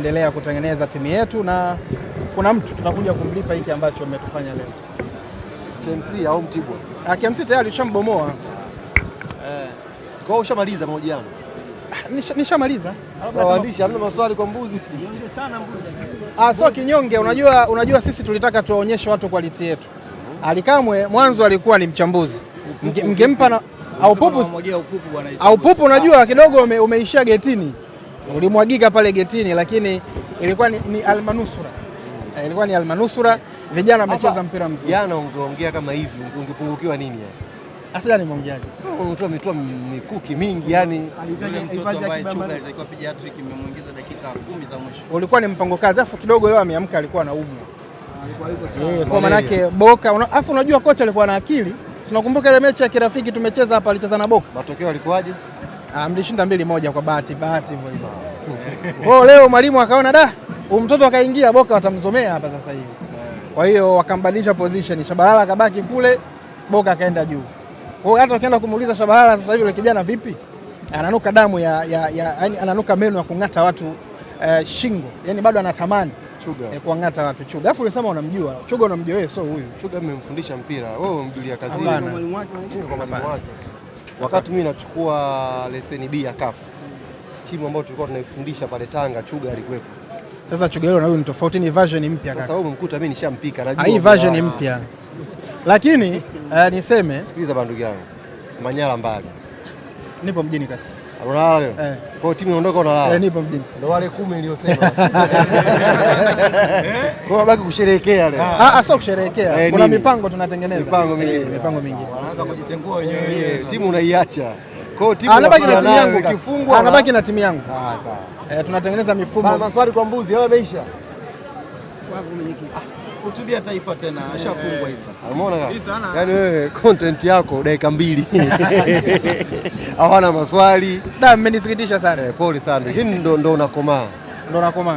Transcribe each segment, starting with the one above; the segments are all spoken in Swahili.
tunaendelea kutengeneza timu yetu, na kuna mtu tunakuja kumlipa hiki ambacho umetufanya leo. KMC au Mtibwa? Ah, KMC tayari ushambomoa. Eh. Kwa hiyo ushamaliza mahojiano? Ah, nishamaliza. Nisha Waandishi, hamna maswali kwa mbuzi? Kinyonge sana mbuzi. Ah, so kinyonge, unajua, unajua sisi tulitaka tuwaonyeshe watu quality yetu. Alikamwe mwanzo alikuwa ni mchambuzi, Mgempa na au pupu, au pupu, unajua kidogo umeishia getini ulimwagika pale getini, lakini ilikuwa ni, ni almanusura eh, ilikuwa ni almanusura, vijana wamecheza mpira mzuri. Jana ungeongea kama hivi ungepungukiwa nini? Asante ni mwongeaji. Oh, Unatoa mitoa mikuki mingi yani. Alitaja mtoto ambaye Chuga alitakiwa piga hat dakika 10 za mwisho. Ulikuwa ni mpango kazi afu kidogo leo ameamka alikuwa na umu. Yeah, eh, kwa maana yake Boka afu unajua kocha alikuwa na akili. Tunakumbuka ile mechi ya kirafiki tumecheza hapa alicheza na Boka. Matokeo alikuwaje? Ah, mlishinda mbili moja kwa bahati bahati hivyo hivyo. Kwa oh, leo mwalimu akaona da, huyu mtoto akaingia Boka watamzomea hapa sasa hivi. Kwa hiyo wakambadilisha position, Shabalala akabaki kule, Boka akaenda juu. Kwa hiyo hata ukienda kumuuliza Shabalala sasa hivi yule kijana vipi? Ananuka damu ya, ya, ya yani ananuka meno ya kung'ata watu eh, shingo. Yaani bado anatamani Chuga. E, eh, kuangata watu Chuga. Alafu ulisema unamjua. Chuga unamjua wewe, so huyu. Chuga amemfundisha mpira. Wewe oh, umjulia kazini. Mwalimu wake, mwalimu wake. Wakati mimi nachukua leseni B ya CAF, timu ambayo tulikuwa tunaifundisha pale Tanga, Chuga alikuwepo. Sasa Chuga hilo na huyu ni tofauti, ni version mpya kaka. Sasa umemkuta mimi nishampika, najua ah, hii version mpya lakini uh, niseme sikiliza, bandugu yangu, Manyara mbali, nipo mjini kaka Unalala leo? Eh. Kwa timu inaondoka unalala. Eh, nipo mjini. Ndio wale 10 niliyosema. Kwa mabaki kusherehekea leo. Ah, ah sio kusherehekea. Eh, Kuna mipango tunatengeneza. Mipango mingi, eh, mipango mingi. Wanaanza kujitengua wenyewe wenyewe. Eh, timu unaiacha. Kwa hiyo timu ah, anabaki na timu yangu ikifungwa. Ah, anabaki na timu yangu. Ah, sawa. Eh, tunatengeneza mifumo. Maswali kwa mbuzi, yao yameisha. Wangu mwenyekiti kuhutubia taifa tena, ashafungwa eh, Isa. Umeona yaani, wewe content yako dakika mbili hawana maswali. Da, mmenisikitisha sana. Eh, pole sana, lakini ndo ndo unakomaa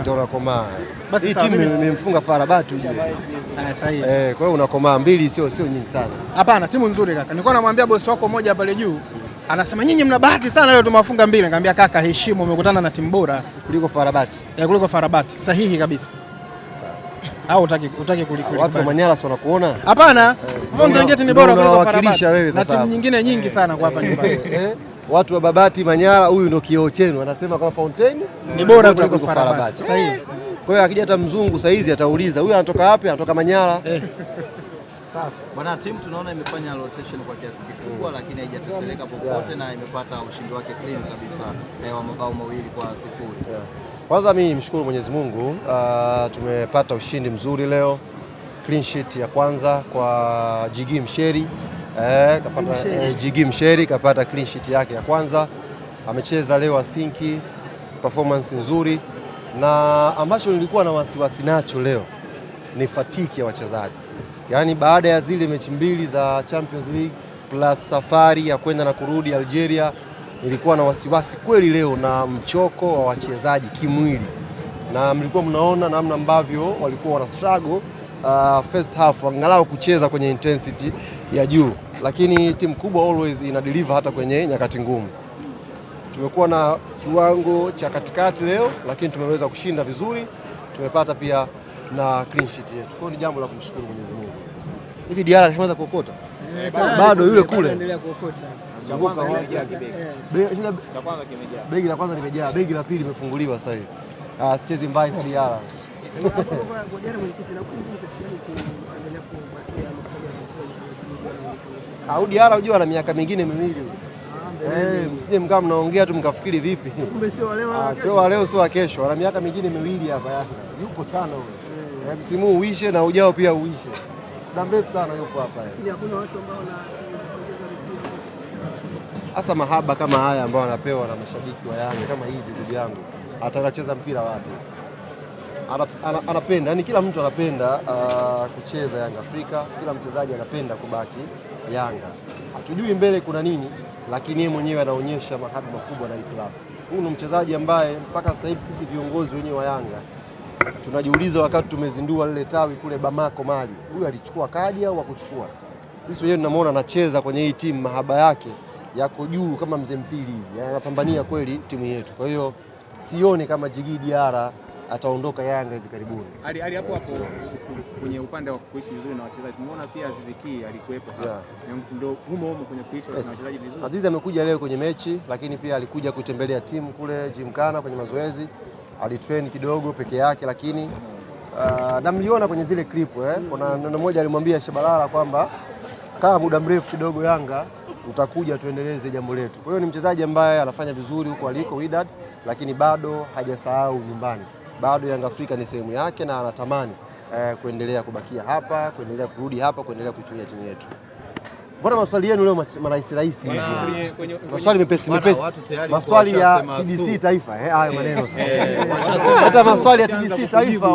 ndo unakomaa. Basi hii timu imemfunga FAR Batu Ah, sahihi. Eh, kwa hiyo unakomaa mbili, sio sio nyingi sana. Hapana, timu nzuri kaka. Nilikuwa namwambia bosi wako moja pale juu anasema nyinyi mna bahati sana leo tumewafunga mbili. Nikamwambia kaka, heshima umekutana na timu bora kuliko FAR Batu. Eh, kuliko FAR Sahihi kabisa au utaki utaki watu wa Manyara si wanakuona? Hapana, eh. mtaingia timu bora kuliko Farabati na timu nyingine nyingi eh. sana kwa hapa nyumbani. Eh. Watu wa Babati Manyara, huyu ndio kioo chenu, anasema kama Fountain ni bora kuliko Farabati. Sahihi. Kwa hiyo akija hata mzungu saa hizi atauliza huyu anatoka wapi? Anatoka Manyara. Bwana, timu tunaona imefanya rotation kwa kiasi kikubwa, lakini haijateteleka popote na imepata ushindi wake clean kabisa, mabao mawili kwa sifuri. Kwanza mimi mshukuru Mwenyezi Mungu uh, tumepata ushindi mzuri leo, clean sheet ya kwanza kwa Jigi Msheri eh, kapata, eh, Jigi Msheri kapata clean sheet yake ya kwanza, amecheza leo asinki, performance nzuri, na ambacho nilikuwa na wasiwasi nacho leo ni fatiki ya wachezaji, yaani baada ya zile mechi mbili za Champions League plus safari ya kwenda na kurudi Algeria nilikuwa na wasiwasi kweli leo na mchoko wa wachezaji kimwili, na mlikuwa mnaona namna ambavyo walikuwa wana struggle uh, first half angalau kucheza kwenye intensity ya juu, lakini timu kubwa always ina deliver hata kwenye nyakati ngumu. Tumekuwa na kiwango cha katikati leo, lakini tumeweza kushinda vizuri, tumepata pia na clean sheet yetu, kwa ni jambo la kumshukuru Mwenyezi Mungu. Hivi Diara tunaweza kuokota eh, bado, yule kule begi la kwanza limejaa, begi la pili limefunguliwa sasa hivi. Ah, sichezi mbaya na Diara. Au ah, Diara unajua ana miaka mingine miwili. Ah, eh, msije mkaa mnaongea tu mkafikiri vipi. Kumbe sio wa leo, ah, sio wa leo, sio wa kesho. Ana miaka mingine miwili hapa. Yupo sana huyo. Eh. Eh, msimu uishe na ujao pia uishe. Muda mrefu sana yupo hapa. Lakini hakuna watu ambao na hasa mahaba kama haya ambayo anapewa na mashabiki wa Yanga kama hii. Ndugu yangu atakacheza mpira wapi? Anapenda yani, kila mtu anapenda uh, kucheza Yanga Afrika, kila mchezaji anapenda kubaki Yanga. Hatujui mbele kuna nini, lakini yeye mwenyewe anaonyesha mahaba makubwa na hii club. Huyu ni mchezaji ambaye mpaka sasa hivi sisi viongozi wenyewe wa Yanga tunajiuliza wakati tumezindua lile tawi kule Bamako Mali, huyu alichukua kadi au wakuchukua? Sisi wenyewe tunamwona anacheza kwenye hii timu, mahaba yake yako juu kama mzee mpili, anapambania kweli timu yetu. Kwa hiyo sione kama Djigui Diarra ataondoka Yanga hivi karibuni. Ali ali hapo hapo kwenye upande wa kuishi vizuri na wachezaji, tumeona pia Aziz Ki alikuwepo Yeah. ndio humo humo kwenye kuishi na wachezaji vizuri. Aziz amekuja leo kwenye mechi, lakini pia alikuja kutembelea timu kule Gymkhana kwenye mazoezi, alitrain kidogo peke yake, lakini uh, mliona kwenye zile clip eh, kuna neno moja alimwambia Shabalala kwamba kaa muda mrefu kidogo Yanga utakuja tuendeleze jambo letu. Kwa hiyo ni mchezaji ambaye anafanya vizuri huko aliko Wydad, lakini bado hajasahau nyumbani, bado Yanga Afrika ni sehemu yake na anatamani eh, kuendelea kubakia hapa, kuendelea kurudi hapa, kuendelea kuitumia timu yetu. Mbona maswali yenu leo marahisi rahisi hivi? Maswali mepesi mepesi. Maswali ya TBC Taifa. Eh, hayo maneno sasa. Eh, eh, hata maswali ya TBC Taifa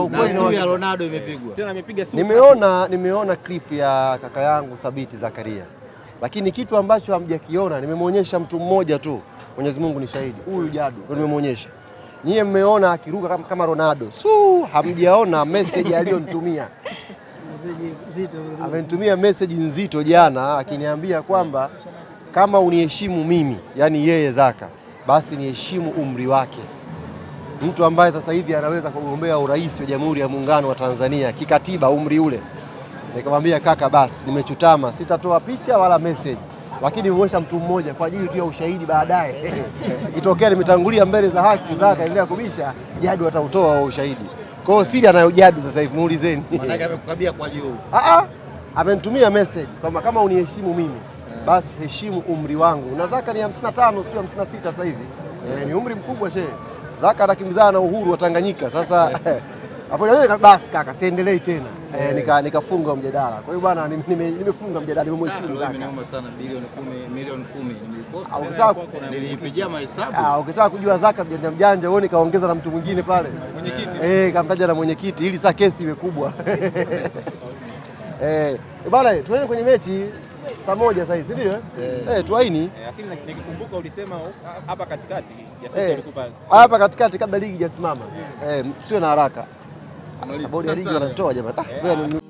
ni ya Ronaldo imepigwa. Tena amepiga super. Nimeona nimeona clip ya kaka yangu Thabiti Zakaria lakini kitu ambacho hamjakiona nimemwonyesha mtu mmoja tu, Mwenyezi Mungu ni shahidi, huyu Jadu ndio nimemwonyesha. Nyie mmeona akiruka kama Ronaldo, su hamjaona message aliyonitumia amenitumia message nzito jana akiniambia kwamba kama uniheshimu mimi, yani yeye Zaka, basi niheshimu umri wake, mtu ambaye sasa hivi anaweza kugombea urais wa Jamhuri ya Muungano wa Tanzania kikatiba, umri ule nikamwambia kaka, basi nimechutama, sitatoa picha wala message, lakini uonyesha mtu mmoja kwa ajili tu ya ushahidi. Baadaye ikitokea nimetangulia mbele za haki zaka kaendelea kubisha, jadi watautoa wa ushahidi. Kwa hiyo siri anayo jadi sasa hivi, muulizeni. Maana amekukabia kwa juu. Ah ah, amenitumia message kwamba kama uniheshimu mimi basi heshimu umri wangu, na zaka ni 55 sio 56 sasa hivi. Eh, ni umri mkubwa shehe, zaka anakimzana na uhuru wa Tanganyika sasa Hapo basi kaka, siendelei tena yeah. E, nika nikafunga mjadala. Kwa hiyo bwana, nimefunga mjadala, nimemheshimu sana. Nimeomba sana bilioni 10 milioni 10 nimeikosa, ah, nilipigia mahesabu. Ah, ukitaka kujua zaka mjanja mjanja wewe, nikaongeza na mtu mwingine pale mwenyekiti, eh, kamtaja na mwenyekiti ili saa kesi iwe kubwa. Eh, bwana, tuende kwenye mechi saa moja sasa hivi si ndio eh, eh. eh tuaini. Eh, lakini nikikumbuka ulisema hapa katikati hapa katikati kabla ligi haijasimama, eh, sio na haraka Bodi ya ligi wanatoa jamani. Ah,